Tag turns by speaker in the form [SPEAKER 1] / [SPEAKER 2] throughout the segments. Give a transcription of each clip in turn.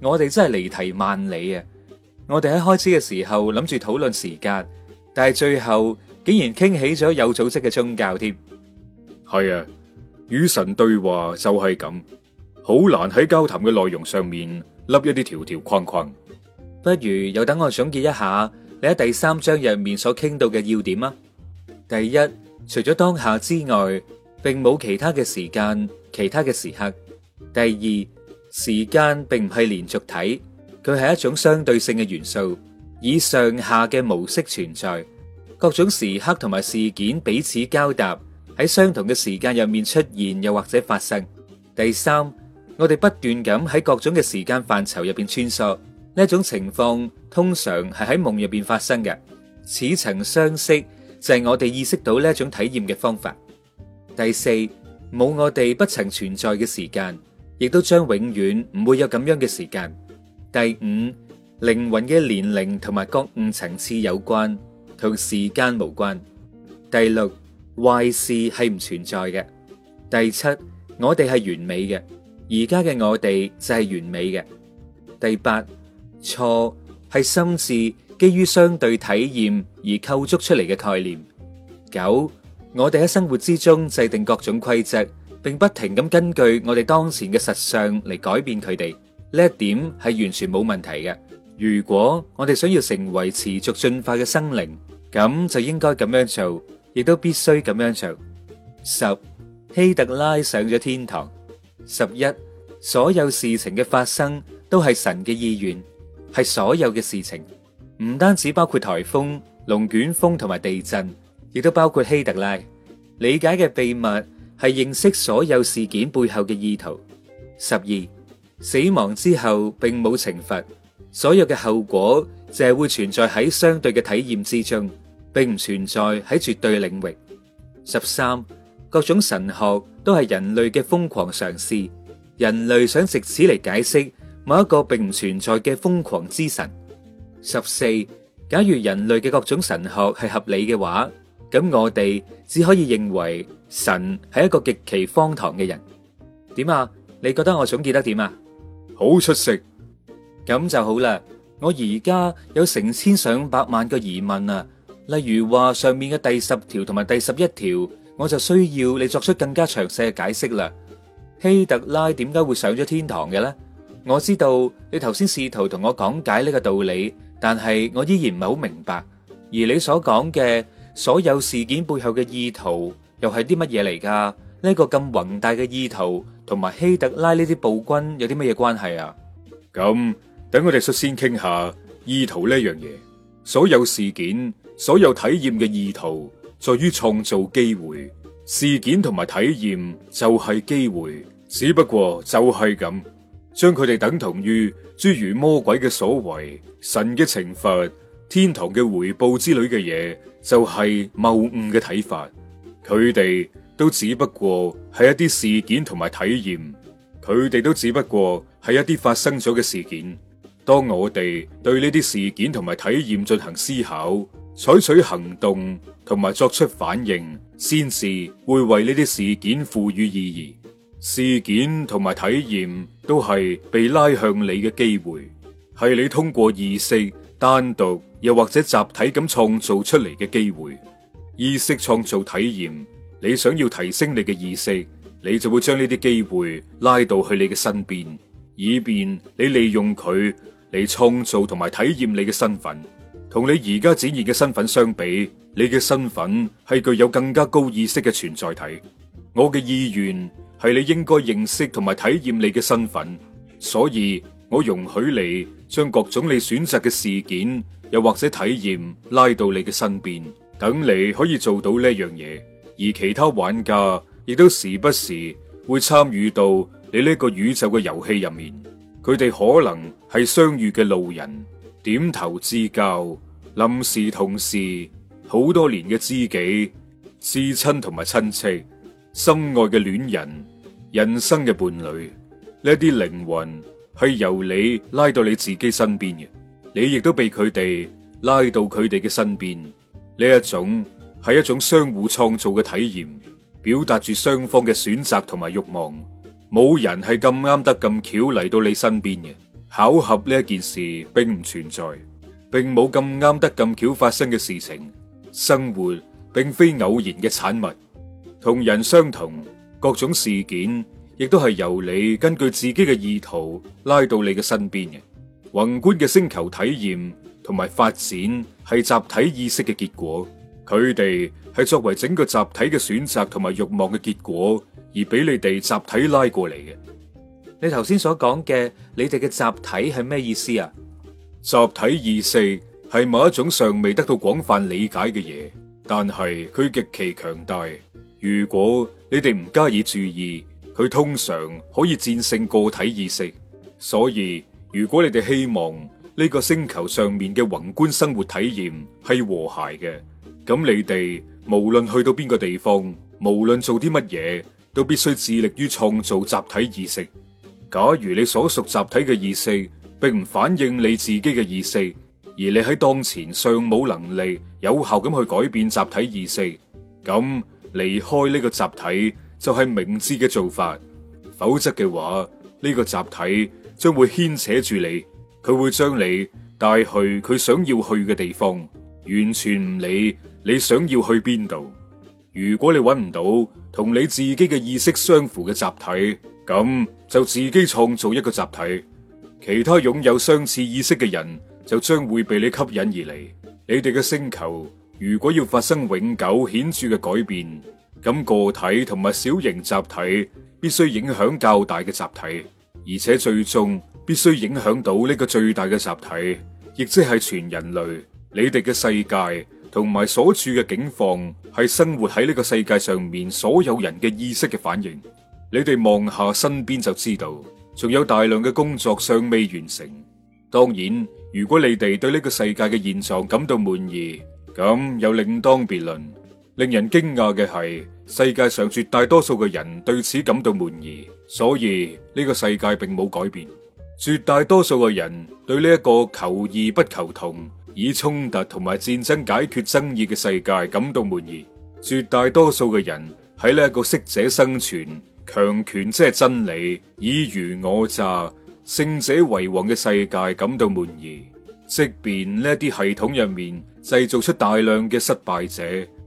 [SPEAKER 1] 我哋真係離題萬里啊！我哋喺開始嘅時候諗住討論時間，但係最後竟然傾起咗有組織嘅宗教，添係啊！與神對話就係咁，好難喺交談嘅內容上面立一啲條條框框。不如又等我總結一下你喺第三章入面所傾到嘅要點啊！第一，除咗當下之外，並冇其他嘅時間，其他嘅時刻。第二。時間並唔係連續體，佢係一種相對性嘅元素，以上下嘅模式存在。各種時刻同埋事件彼此交疊，喺相同嘅時間入面出現，又或者發生。第三，我哋不斷咁喺各種嘅時間範疇入邊穿梭，呢一種情況通常係喺夢入邊發生嘅。似曾相識就係我哋意識到呢一種體驗嘅方法。第四，冇我哋不曾存在嘅時間，亦都將永遠唔會有咁樣嘅時間。第五，靈魂嘅年齡同埋覺悟層次有關，同時間無關。第六，壞事係唔存在嘅。第七，我哋係完美嘅，而家嘅我哋就係完美嘅。第八，錯係心智基於相對體驗而構築出嚟嘅概念。九，我哋喺生活之中制定各種規則，並不停咁根據我哋當前嘅實相嚟改變佢哋，呢一點係完全冇問題嘅。如果我哋想要成為持續進化嘅生靈，咁就應該咁樣做，亦都必須咁樣做。十、希特拉上咗天堂。十一、所有事情嘅發生都係神嘅意願，係所有嘅事情，唔單止包括台風、龍捲風同埋地震，亦都包括希特拉。理解嘅秘密。係認識所有事件背後嘅意圖。十二死亡之後並冇懲罰，所有嘅後果只係會存在喺相對嘅體驗之中，並唔存在喺絕對領域。十三各種神學都係人類嘅瘋狂嘗試，人類想借此嚟解釋某一個並唔存在嘅瘋狂之神。十四假如人類嘅各種神學係合理嘅話。咁我哋只可以認為神係一個極其荒唐嘅人。點啊？你覺得我總結得點啊？好出色，咁就好啦。我而家有成千上百萬個疑問啊，例如話上面嘅第十條同埋第十一條，我就需要你作出更加詳細嘅解釋啦。希特拉點解會上咗天堂嘅咧？我知道你頭先試圖同我講解呢個道理，但係我依然唔係好明白。而你所講嘅。所有事件背後嘅意圖又係啲乜嘢嚟噶？呢個咁宏大嘅意圖同埋希特拉呢啲暴君有啲乜嘢關係啊？咁等我哋率先傾下意圖呢樣嘢。所有事件、所有體驗嘅意圖，在於創造機會。事件同埋體驗就係機會，只不過就係咁，將佢哋等同於諸如魔鬼嘅所為、神嘅懲罰、天堂嘅回報之類嘅嘢，就係謬誤嘅睇法。佢哋都只不過係一啲事件同埋體驗，佢哋都只不過係一啲發生咗嘅事件。當我哋對呢啲事件同埋體驗進行思考、採取行動同埋作出反應，先至會為呢啲事件賦予意義。事件同埋體驗都係被拉向你嘅機會，係你通過意識，單獨又或者集體咁創造出嚟嘅機會，意識創造體驗，你想要提升你嘅意識，你就會將呢啲機會拉到去你嘅身邊，以便你利用佢嚟創造同埋體驗你嘅身份。同你而家展現嘅身份相比，你嘅身份係具有更加高意識嘅存在體。我嘅意願係你應該認識同埋體驗你嘅身份，所以。我容許你將各種你選擇嘅事件，又或者體驗拉到你嘅身邊，等你可以做到呢一樣嘢。而其他玩家亦都時不時會參與到你呢個宇宙嘅遊戲入面。佢哋可能係相遇嘅路人，點頭之交、臨時同事，好多年嘅知己、至親同埋親戚，深愛嘅戀人，人生嘅伴侶呢啲靈魂，係由你拉到你自己身邊嘅，你亦都被佢哋拉到佢哋嘅身邊。呢一種係一種相互創造嘅體驗，表達住雙方嘅選擇同埋慾望。冇人係咁啱得咁巧嚟到你身邊嘅。巧合呢一件事並唔存在，並冇咁啱得咁巧發生嘅事情。生活並非偶然嘅產物，同人相同各種事件。亦都係由你根據自己嘅意圖拉到你嘅身邊嘅。宏觀嘅星球體驗同埋發展係集體意識嘅結果。佢哋係作為整個集體嘅選擇同埋慾望嘅結果而俾你哋集體拉過嚟嘅。你頭先所講嘅你哋嘅集體係咩意思啊？集體意識係某一種尚未得到廣泛理解嘅嘢，但係佢極其強大。如果你哋唔加以注意。佢通常可以戰勝個體意識，所以如果你哋希望呢個星球上面嘅宏觀生活體驗係和諧嘅，咁你哋無論去到邊個地方，無論做啲乜嘢，都必須致力於創造集體意識。假如你所屬集體嘅意識並唔反映你自己嘅意識，而你喺當前尚冇能力有效咁去改變集體意識，咁離開呢個集體就係明智嘅做法，否則嘅話，呢個集體將會牽扯住你，佢會將你帶去佢想要去嘅地方，完全唔理你想要去邊度。如果你揾唔到同你自己嘅意識相符嘅集體，咁就自己創造一個集體，其他擁有相似意識嘅人就將會被你吸引而嚟。你哋嘅星球如果要發生永久顯著嘅改變，咁個體同埋小型集體必須影響較大嘅集體，而且最終必須影響到呢個最大嘅集體，亦即係全人類。你哋嘅世界同埋所處嘅境況，係生活喺呢個世界上面所有人嘅意識嘅反應。你哋望下身邊就知道，仲有大量嘅工作尚未完成。當然，如果你哋對呢個世界嘅現狀感到滿意，咁有另當別論。令人驚訝嘅係，世界上絕大多數嘅人對此感到滿意，所以呢個世界並冇改變。絕大多數嘅人對呢一個求異不求同，以衝突同埋戰爭解決爭議嘅世界感到滿意。絕大多數嘅人喺呢一個適者生存、強權即係真理、以虞我詐勝者為王嘅世界感到滿意。即便呢啲系統入面製造出大量嘅失敗者。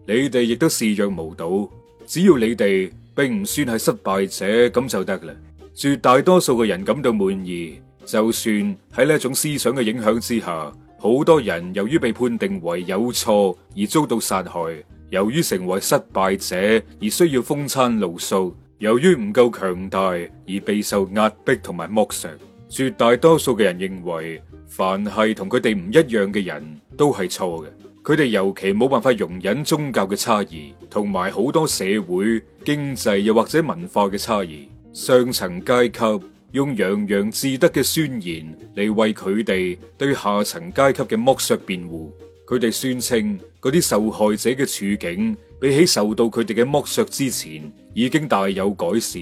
[SPEAKER 1] 你哋亦都視若無睹，只要你哋並唔算係失敗者咁就得啦。絕大多數嘅人感到滿意，就算喺呢種思想嘅影響之下，好多人由於被判定為有錯而遭到殺害，由於成為失敗者而需要風餐露宿，由於唔夠強大而備受壓迫同埋剝削。絕大多數嘅人認為，凡係同佢哋唔一樣嘅人都係錯嘅。佢哋尤其冇辦法容忍宗教嘅差異，同埋好多社會、經濟又或者文化嘅差異。上層階級用洋洋自得嘅宣言嚟為佢哋對下層階級嘅剝削辯護。佢哋宣稱嗰啲受害者嘅處境比起受到佢哋嘅剝削之前，已經大有改善。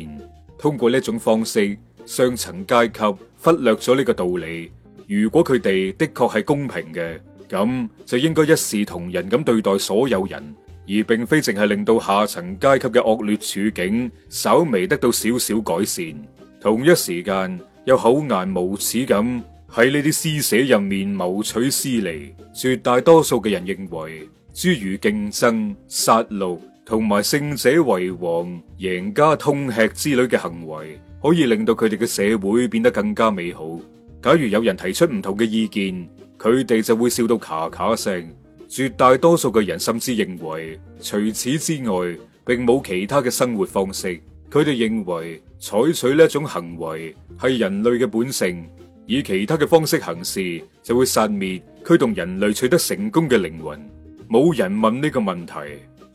[SPEAKER 1] 通過呢種方式，上層階級忽略咗呢個道理。如果佢哋的確係公平嘅，咁就應該一視同仁咁對待所有人，而並非淨係令到下層階級嘅惡劣處境稍微得到少少改善。同一時間又厚顏無恥咁喺呢啲施捨入面謀取私利。絕大多數嘅人認為，諸如競爭、殺戮同埋勝者為王、贏家通吃之類嘅行為，可以令到佢哋嘅社會變得更加美好。假如有人提出唔同嘅意見，佢哋就會笑到咔咔聲，絕大多數嘅人甚至認為除此之外，並冇其他嘅生活方式。佢哋認為採取呢一種行為係人類嘅本性，以其他嘅方式行事就會殺滅驅動人類取得成功嘅靈魂。冇人問呢個問題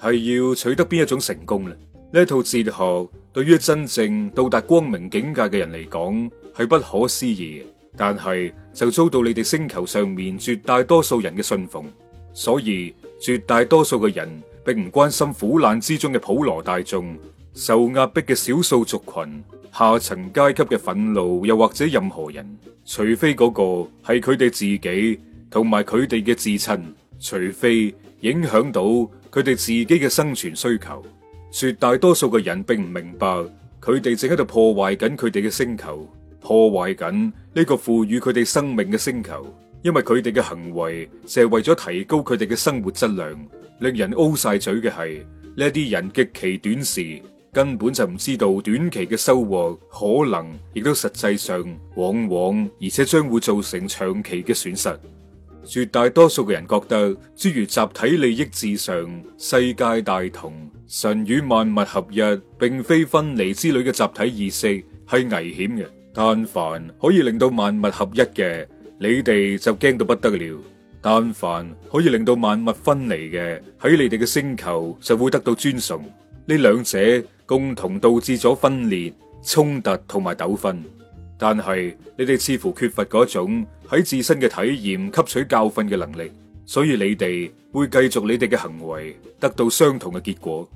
[SPEAKER 1] 係要取得邊一種成功啦。呢套哲學對於真正到達光明境界嘅人嚟講係不可思議但係就遭到你哋星球上面絕大多數人嘅信奉，所以絕大多數嘅人並唔關心苦難之中嘅普羅大眾、受壓迫嘅少數族群、下層階級嘅憤怒，又或者任何人，除非嗰個係佢哋自己同埋佢哋嘅至親，除非影響到佢哋自己嘅生存需求，絕大多數嘅人並唔明白佢哋正喺度破壞緊佢哋嘅星球。破壞緊呢個賦予佢哋生命嘅星球，因為佢哋嘅行為就係為咗提高佢哋嘅生活質量。令人 O 晒嘴嘅係呢啲人極其短視，根本就唔知道短期嘅收穫可能亦都實際上往往而且將會造成長期嘅損失。絕大多數嘅人覺得諸如集體利益至上、世界大同、神與萬物合一，並非分離之類嘅集體意識係危險嘅。但凡可以令到萬物合一嘅，你哋就驚到不得了；但凡可以令到萬物分離嘅，喺你哋嘅星球就會得到尊崇。呢兩者共同導致咗分裂、衝突同埋糾紛。但係你哋似乎缺乏嗰種喺自身嘅體驗、吸取教訓嘅能力，所以你哋會繼續你哋嘅行為，得到相同嘅結果。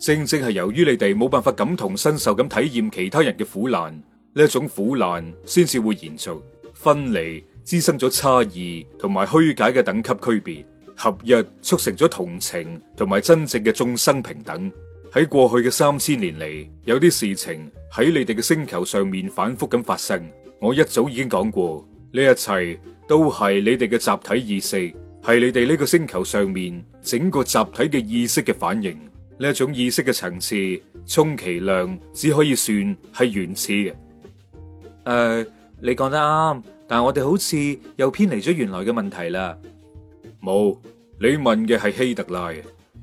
[SPEAKER 1] 正正係由於你哋冇辦法感同身受咁體驗其他人嘅苦難。呢種苦難先至會延續，分離滋生咗差異同埋虛假嘅等級區別，合一促成咗同情同埋真正嘅眾生平等。喺過去嘅三千年嚟，有啲事情喺你哋嘅星球上面反覆咁發生。我一早已經講過，呢一切都係你哋嘅集體意識，係你哋呢個星球上面整個集體嘅意識嘅反應。呢種意識嘅層次，充其量只可以算係原始嘅。誒、呃，你講得啱，但我哋好似又偏離咗原來嘅問題啦。冇，你問嘅係希特拉，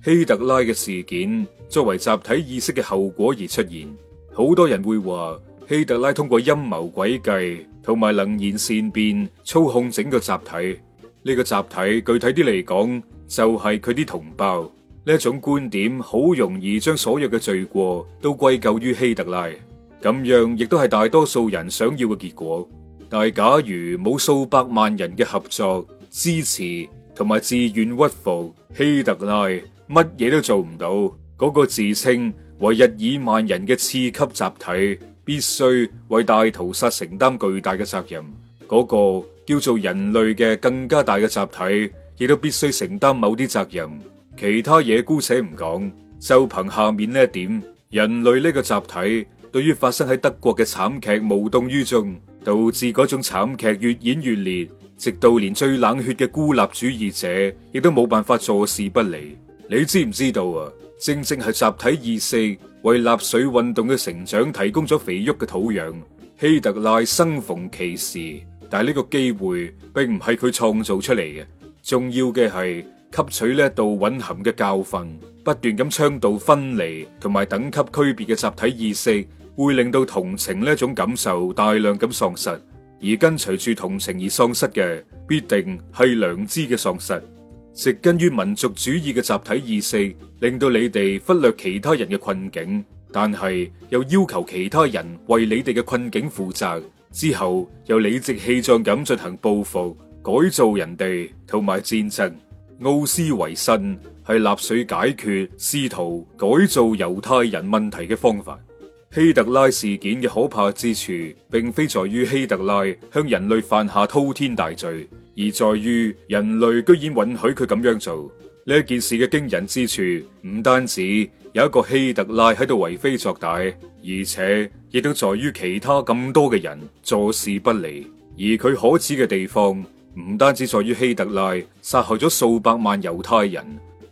[SPEAKER 1] 希特拉嘅事件作為集體意識嘅後果而出現，好多人會話希特拉通過陰謀詭計同埋能言善辯操控整個集體。呢、這個集體具體啲嚟講，就係佢啲同胞。呢一種觀點好容易將所有嘅罪過都歸咎於希特拉。咁樣亦都係大多數人想要嘅結果，但係假如冇數百萬人嘅合作、支持同埋自願屈服，希特拉乜嘢都做唔到。嗰個自稱為日耳曼人嘅次級集體，必須為大屠殺承擔巨大嘅責任。嗰個叫做人類嘅更加大嘅集體，亦都必須承擔某啲責任。其他嘢姑且唔講，就憑下面呢一點，人類呢個集體。對於發生喺德國嘅慘劇無動於衷，導致嗰種慘劇越演越烈，直到連最冷血嘅孤立主義者亦都冇辦法坐視不理。你知唔知道啊？正正係集體意識為納粹運動嘅成長提供咗肥沃嘅土壤。希特拉生逢其時，但係呢個機會並唔係佢創造出嚟嘅，重要嘅係。吸取呢度蘊含嘅教訓，不斷咁倡導分離同埋等級區別嘅集體意識，會令到同情呢種感受大量咁喪失，而跟隨住同情而喪失嘅，必定係良知嘅喪失。植根於民族主義嘅集體意識，令到你哋忽略其他人嘅困境，但係又要求其他人為你哋嘅困境負責，之後又理直氣壯咁進行報復、改造人哋同埋戰爭。奧斯維辛係納粹解決試圖改造猶太人問題嘅方法。希特拉事件嘅可怕之處，並非在於希特拉向人類犯下滔天大罪，而在於人類居然允許佢咁樣做。呢件事嘅驚人之處，唔單止有一個希特拉喺度為非作歹，而且亦都在於其他咁多嘅人坐視不理。而佢可恥嘅地方。唔單止在於希特拉殺害咗數百萬猶太人，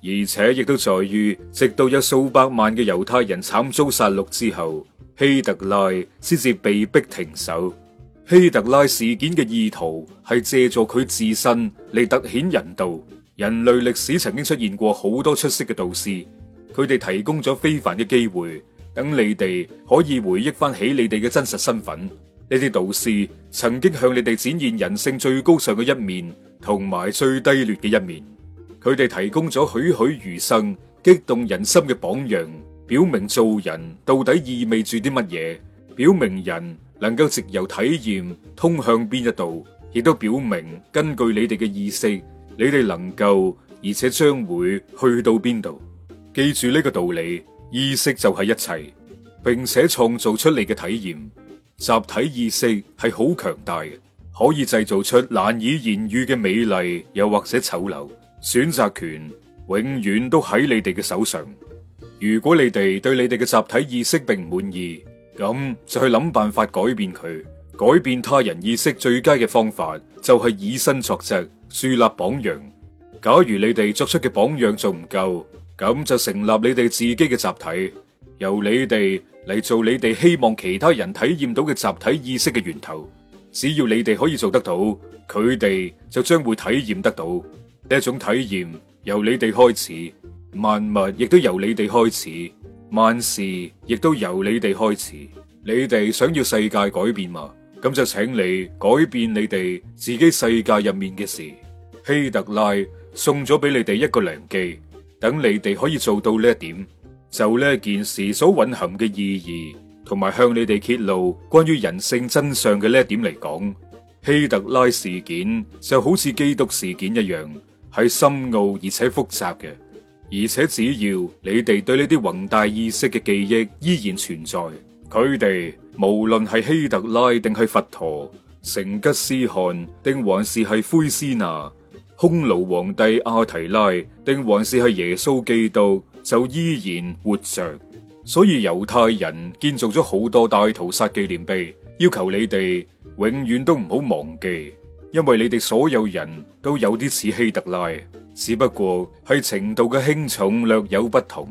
[SPEAKER 1] 而且亦都在於，直到有數百萬嘅猶太人慘遭殺戮之後，希特拉先至被迫停手。希特拉事件嘅意圖係借助佢自身嚟突顯人道。人類歷史曾經出現過好多出色嘅導師，佢哋提供咗非凡嘅機會，等你哋可以回憶翻起你哋嘅真實身份。呢啲導師曾經向你哋展現人性最高尚嘅一面，同埋最低劣嘅一面。佢哋提供咗栩栩如生、激動人心嘅榜樣，表明做人到底意味住啲乜嘢，表明人能夠自由體驗通向邊一度，亦都表明根據你哋嘅意識，你哋能夠而且將會去到邊度。記住呢個道理，意識就係一切，並且創造出嚟嘅體驗。集體意識係好強大嘅，可以製造出難以言喻嘅美麗，又或者醜陋。選擇權永遠都喺你哋嘅手上。如果你哋對你哋嘅集體意識並唔滿意，咁就去諗辦法改變佢。改變他人意識最佳嘅方法就係以身作則，樹立榜樣。假如你哋作出嘅榜樣仲唔夠，咁就成立你哋自己嘅集體。由你哋嚟做你哋希望其他人體驗到嘅集體意識嘅源頭，只要你哋可以做得到，佢哋就將會體驗得到呢一種體驗。由你哋開始，萬物亦都由你哋開始，萬事亦都由你哋開始。你哋想要世界改變嘛？咁就請你改變你哋自己世界入面嘅事。希特拉送咗俾你哋一個良機，等你哋可以做到呢一點。就呢一件事所蘊含嘅意義，同埋向你哋揭露關於人性真相嘅呢一點嚟講，希特拉事件就好似基督事件一樣，係深奧而且複雜嘅。而且只要你哋對呢啲宏大意識嘅記憶依然存在，佢哋無論係希特拉定係佛陀、成吉思汗，定還是係灰斯娜、匈奴皇帝阿提拉，定還是係耶穌基督。就依然活着，所以猶太人建造咗好多大屠殺紀念碑，要求你哋永遠都唔好忘記，因為你哋所有人都有啲似希特拉，只不過係程度嘅輕重略有不同。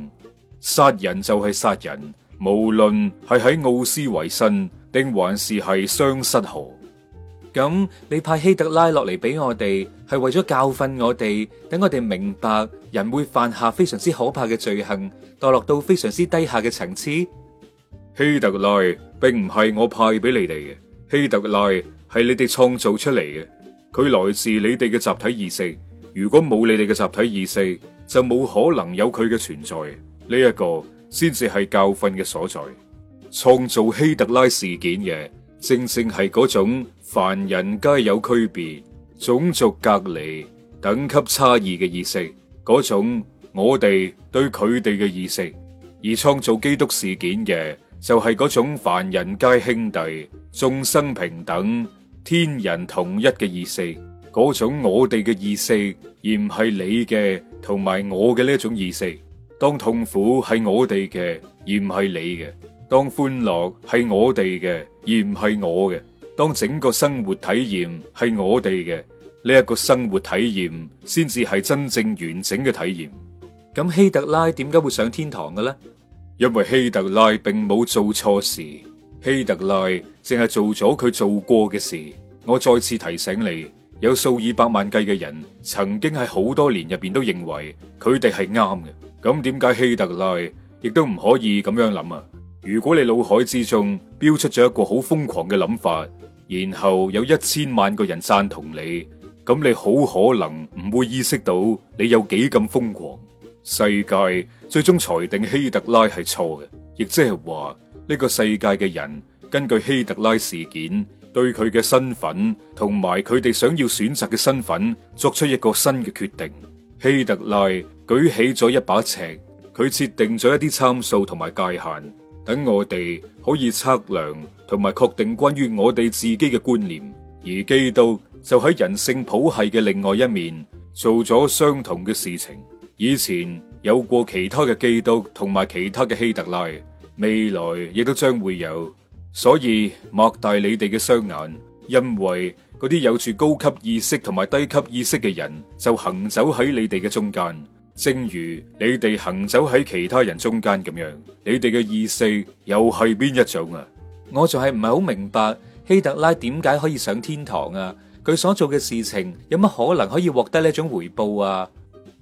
[SPEAKER 1] 殺人就係殺人，無論係喺奧斯維辛定還是係傷膝河。咁你派希特拉落嚟俾我哋，係為咗教訓我哋，等我哋明白人會犯下非常之可怕嘅罪行，墮落到非常之低下嘅層次。希特拉並唔係我派俾你哋嘅，希特拉係你哋創造出嚟嘅。佢來自你哋嘅集體意識。如果冇你哋嘅集體意識，就冇可能有佢嘅存在。呢一個先至係教訓嘅所在。創造希特拉事件嘅，正正係嗰種凡人皆有區別、種族隔離、等級差異嘅意識，嗰種我哋對佢哋嘅意識；而創造基督事件嘅就係、是、嗰種凡人皆兄弟、眾生平等、天人同一嘅意識，嗰種我哋嘅意識，而唔係你嘅同埋我嘅呢種意識。當痛苦係我哋嘅，而唔係你嘅；當歡樂係我哋嘅，而唔係我嘅。當整個生活體驗係我哋嘅呢一個生活體驗，先至係真正完整嘅體驗。咁希特拉點解會上天堂嘅咧？因為希特拉並冇做錯事，希特拉淨係做咗佢做過嘅事。我再次提醒你，有數以百萬計嘅人曾經喺好多年入邊都認為佢哋係啱嘅。咁點解希特拉亦都唔可以咁樣諗啊？如果你腦海之中標出咗一個好瘋狂嘅諗法，然後有一千萬個人贊同你，咁你好可能唔會意識到你有幾咁瘋狂。世界最終裁定希特拉係錯嘅，亦即係話呢個世界嘅人根據希特拉事件對佢嘅身份同埋佢哋想要選擇嘅身份作出一個新嘅決定。希特拉舉起咗一把尺，佢設定咗一啲參數同埋界限。等我哋可以測量同埋確定關於我哋自己嘅觀念，而基督就喺人性譜系嘅另外一面做咗相同嘅事情。以前有過其他嘅基督同埋其他嘅希特拉，未來亦都將會有。所以擘大你哋嘅雙眼，因為嗰啲有住高級意識同埋低級意識嘅人，就行走喺你哋嘅中間。正如你哋行走喺其他人中間咁樣，你哋嘅意識又係邊一種啊？我仲係唔係好明白希特拉點解可以上天堂啊？佢所做嘅事情有乜可能可以獲得呢種回報啊？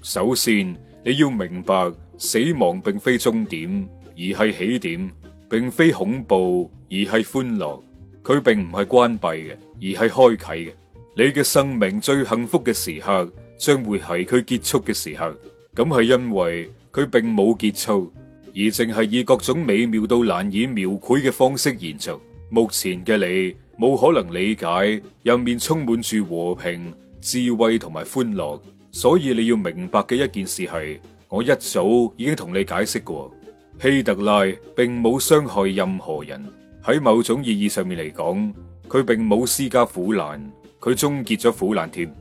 [SPEAKER 1] 首先，你要明白死亡並非終點，而係起點，並非恐怖，而係歡樂。佢並唔係關閉嘅，而係開啟嘅。你嘅生命最幸福嘅時刻，將會係佢結束嘅時刻。咁係因為佢並冇結束，而淨係以各種美妙到難以描繪嘅方式延續。目前嘅你冇可能理解入面充滿住和平、智慧同埋歡樂，所以你要明白嘅一件事係，我一早已經同你解釋過，希特拉並冇傷害任何人。喺某種意義上面嚟講，佢並冇施加苦難，佢終結咗苦難添。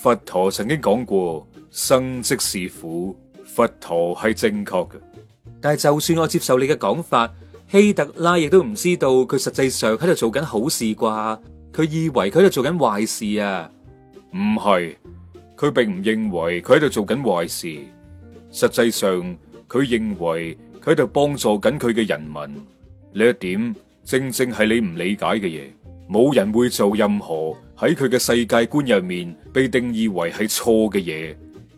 [SPEAKER 1] 佛陀曾經講過。生即是苦，佛陀係正確嘅。但係，就算我接受你嘅講法，希特拉亦都唔知道佢實際上喺度做緊好事啩。佢以為佢喺度做緊壞事啊？唔係，佢並唔認為佢喺度做緊壞事。實際上，佢認為佢喺度幫助緊佢嘅人民。呢一點，正正係你唔理解嘅嘢。冇人會做任何喺佢嘅世界觀入面被定義為係錯嘅嘢。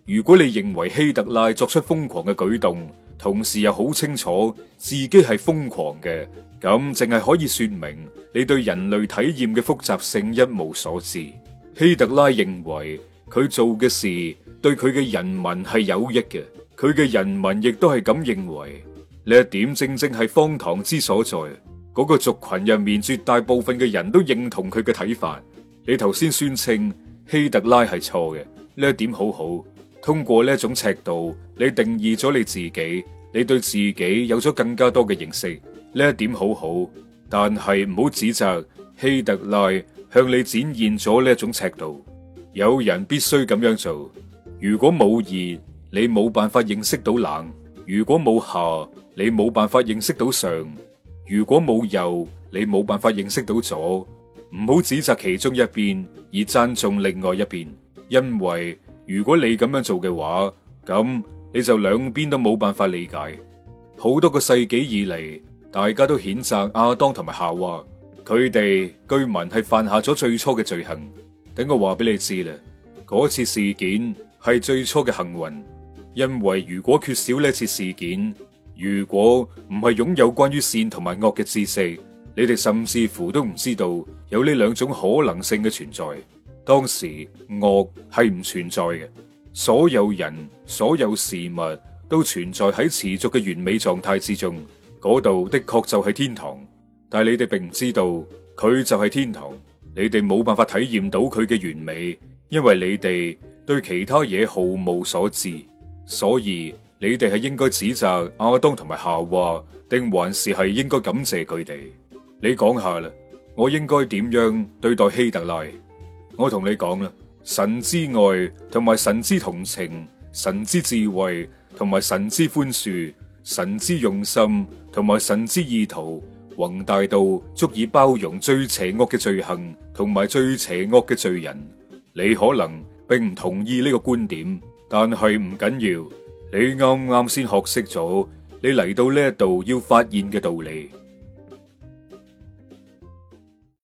[SPEAKER 1] 如果你認為希特拉作出瘋狂嘅舉動，同時又好清楚自己係瘋狂嘅，咁淨係可以說明你對人類體驗嘅複雜性一無所知。希特拉認為佢做嘅事對佢嘅人民係有益嘅，佢嘅人民亦都係咁認為。呢一點正正係荒唐之所在。嗰個族群入面絕大部分嘅人都認同佢嘅睇法。你頭先宣稱希特拉係錯嘅呢一點，好好。通過呢一種尺度，你定義咗你自己，你對自己有咗更加多嘅認識。呢一點好好，但係唔好指責希特拉向你展現咗呢一種尺度。有人必須咁樣做。如果冇熱，你冇辦法認識到冷；如果冇下，你冇辦法認識到上；如果冇右，你冇辦法認識到左。唔好指責其中一邊，而讚頌另外一邊，因為。如果你咁樣做嘅話，咁你就兩邊都冇辦法理解。好多個世紀以嚟，大家都譴責阿當同埋夏娃，佢哋據聞係犯下咗最初嘅罪行。等我話俾你知啦，嗰次事件係最初嘅幸運，因為如果缺少呢次事件，如果唔係擁有關於善同埋惡嘅知識，你哋甚至乎都唔知道有呢兩種可能性嘅存在。當時惡係唔存在嘅，所有人所有事物都存在喺持續嘅完美狀態之中。嗰度的確就係天堂，但你哋並唔知道佢就係天堂，你哋冇辦法體驗到佢嘅完美，因為你哋對其他嘢毫無所知。所以你哋係應該指責亞當同埋夏娃，定還是係應該感謝佢哋？你講下啦，我應該點樣對待希特拉？我同你講啦，神之愛同埋神之同情，神之智慧同埋神之寬恕，神之用心同埋神之意圖，宏大到足以包容最邪惡嘅罪行同埋最邪惡嘅罪人。你可能並唔同意呢個觀點，但係唔緊要，你啱啱先學識咗，你嚟到呢一度要發現嘅道理。